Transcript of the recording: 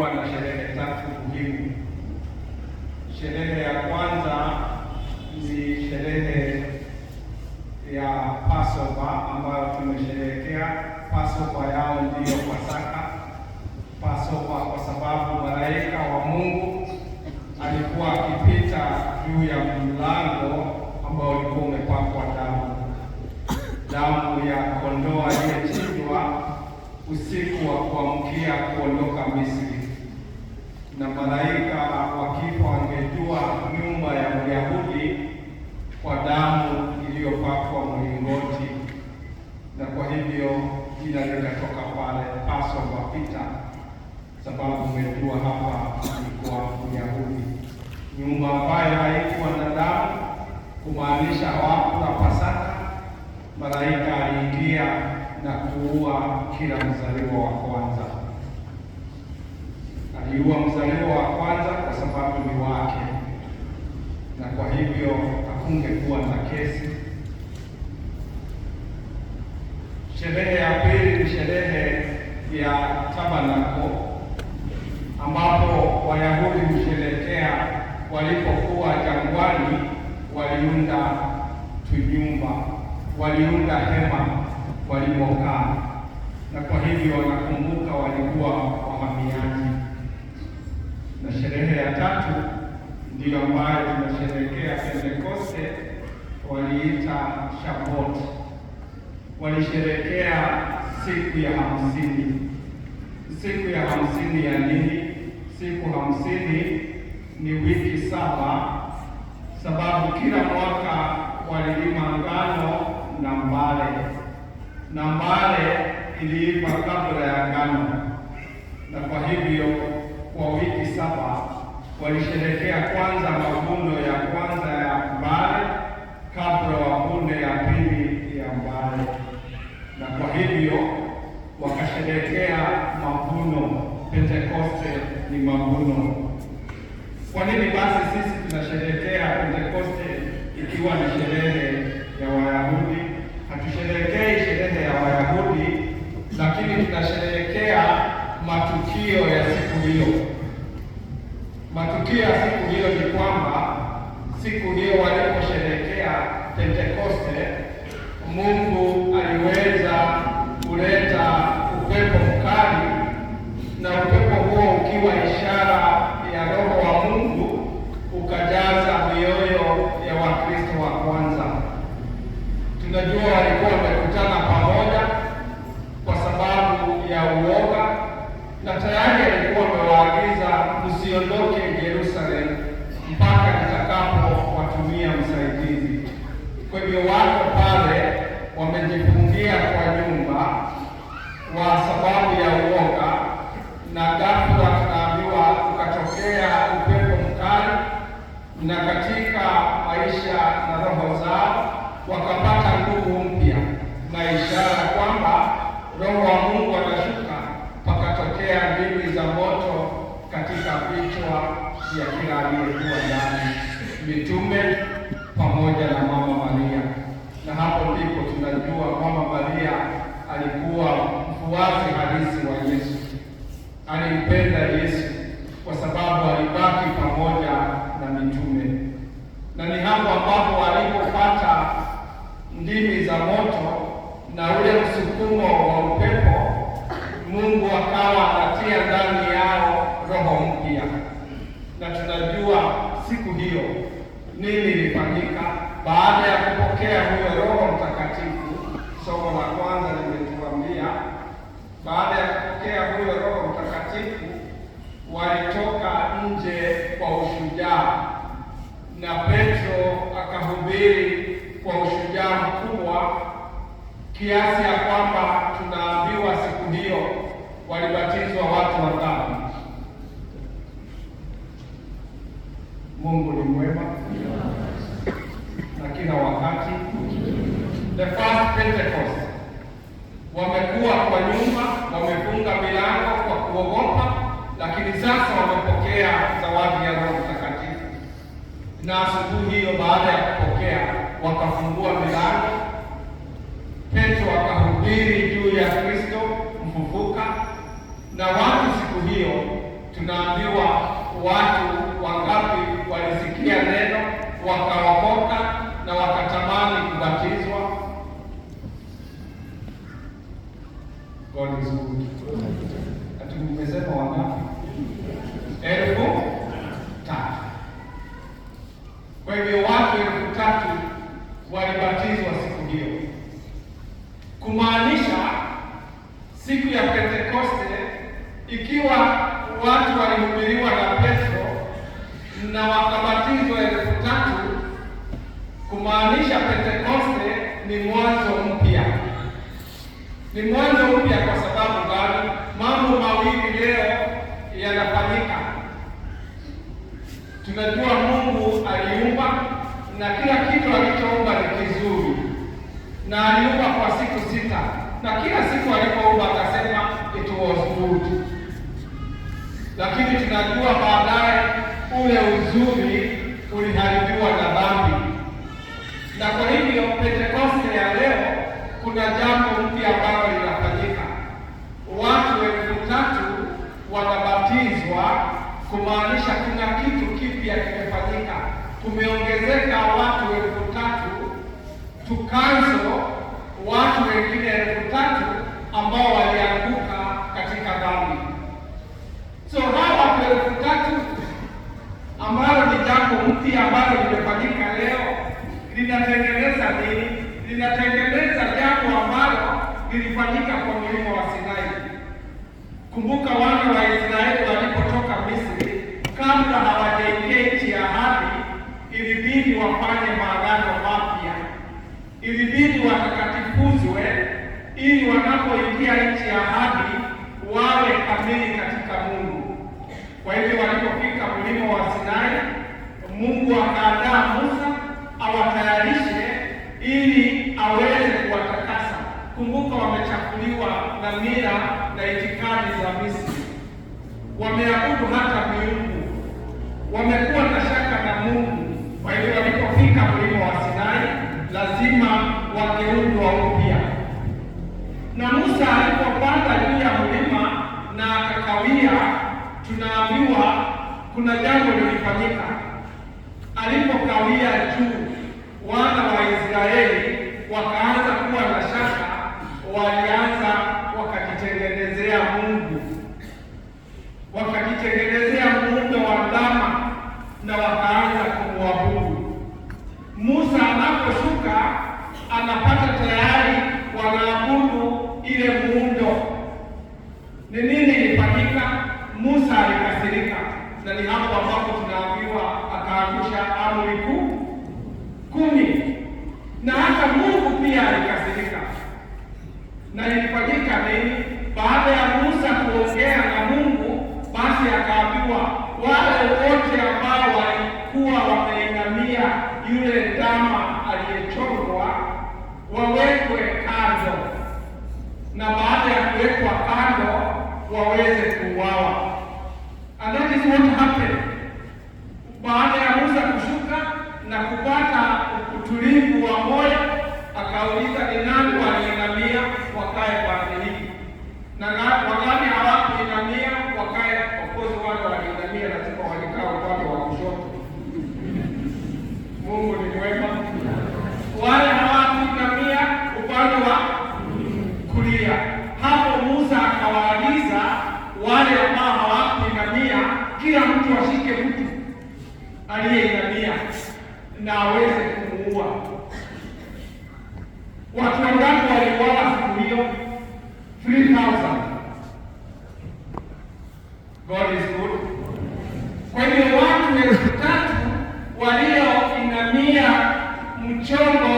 kuwa na sherehe tatu muhimu. Sherehe ya kwanza ni sherehe ya Passover ambayo tumesherehekea. Passover yao ndiyo Pasaka. Passover kwa sababu malaika wa Mungu alikuwa akipita juu ya mlango ambao ulikuwa umepakwa damu, damu ya kondoo aliyechinjwa usiku wa kuamkia kuondoka Misri na malaika wakifa wangejua nyumba ya uyahudi kwa damu iliyopakwa mlingoti, na kwa hivyo jina likatoka pale Passover pita, sababu umejua hapa alikuwa Myahudi. Nyumba ambayo haikuwa na damu, kumaanisha hawapo na Pasaka, malaika aliingia na kuua kila mzaliwa wa kwanza aliua mzaliwa wa kwanza kwa sababu ni wake, na kwa hivyo hakungekuwa na kesi. Sherehe ya pili ni sherehe ya tabanako ambapo Wayahudi husherekea walipokuwa jangwani, waliunda tunyumba, waliunda hema walimokaa, na kwa hivyo wanakumbuka walikuwa ndiyo ambayo tunasherehekea Pentekoste, waliita Shaboti, walisherehekea siku ya hamsini. Siku ya hamsini ya nini? Siku hamsini ni wiki saba, sababu kila mwaka walilima ngano na mbale, na mbale iliiva kabla ya ngano, na kwa hivyo kwa wiki saba walisherehekea kwanza mavuno ya kwanza ya mbale kabla wavune ya pili ya mbale, na kwa hivyo wakasherehekea mavuno. Pentekoste ni mavuno. Kwa nini basi sisi tunasherehekea Pentekoste ikiwa ni sherehe ya Wayahudi? Hatusherehekei sherehe ya Wayahudi, lakini tunasherehekea matukio ya siku hiyo. Matukio ya siku hiyo ni kwamba siku hiyo waliposherehekea Pentekoste, Mungu aliwe Kwa hivyo wako pale wamejifungia kwa nyumba kwa sababu ya uoga, na ghafla tunaambiwa ukatokea upepo mkali, na katika maisha na roho zao wakapata nguvu mpya, na ishara kwamba Roho wa Mungu atashuka, pakatokea ndimi za moto katika vichwa vya kila aliyekuwa ndani, mitume pamoja na hapo ndipo tunajua kwamba Maria alikuwa mfuasi halisi wa Yesu. Alimpenda Yesu kwa sababu alibaki pamoja na mitume, na ni hapo ambapo alipopata ndimi za moto na ule msukumo wa upepo, Mungu akawa anatia ndani yao roho mpya, na tunajua siku hiyo nini ilifanyika. Baada ya kupokea huyo Roho Mtakatifu, somo la kwanza limetuambia, baada ya kupokea huyo Roho Mtakatifu walitoka nje kwa ushujaa, na Petro akahubiri kwa ushujaa mkubwa kiasi ya kwamba tunaambiwa siku hiyo walibatizwa watu watano. Mungu ni mwema. Wamekuwa kwa nyuma wamefunga milango kwa kuogopa, lakini sasa wamepokea zawadi ya Roho Mtakatifu. Na asubuhi hiyo baada ya kupokea, wakafungua milango. Petro akahubiri juu ya Kristo mfufuka, na watu siku hiyo tunaambiwa watu kumaanisha Pentekoste ni mwanzo mpya, ni mwanzo mpya. Kwa sababu gani? Mambo mawili leo yanafanyika. Tunajua Mungu aliumba na kila kitu alichoumba ni kizuri, na aliumba kwa siku sita, na kila siku alipoumba akasema it was good, lakini tunajua baadaye ule uzuri uliharibiwa na kuna jambo mpya ambalo linafanyika. Watu elfu tatu wanabatizwa, kumaanisha kuna kitu kipya kimefanyika, kumeongezeka watu elfu tatu tukanzo watu wengine elfu tatu ambao walianguka katika dhambi. So hawa watu elfu tatu ambalo ni jambo mpya ambalo limefanyika leo linatengeneza nini? linatengeneza kulifanyika kwa mlima wa Sinai. Kumbuka wana wa Israeli walipotoka Misri, kabla hawajaingia nchi ya ahadi, ilibidi wafanye maagano mapya, ilibidi watakatifuzwe ili wanapoingia nchi ya ahadi wawe kamili katika Mungu. Kwa hivyo walipofika mlima wa Sinai, Mungu akaandaa Musa awatayarishe ili aweze na mila na itikadi za Misri. Wameabudu hata miungu, wamekuwa na shaka na Mungu. Kwa hivyo walipofika mlima wa Sinai, lazima wakeundwa upya. Na Musa alipopanda juu ya mlima na akakawia, tunaambiwa kuna jambo lilifanyika alipokawia juu Então, a kila mtu ashike mtu aliyeinamia na aweze kumuua. Watu wangapi waliuawa siku hiyo? 3000. God is good. Kwa hiyo watu elfu tatu walioinamia mchongo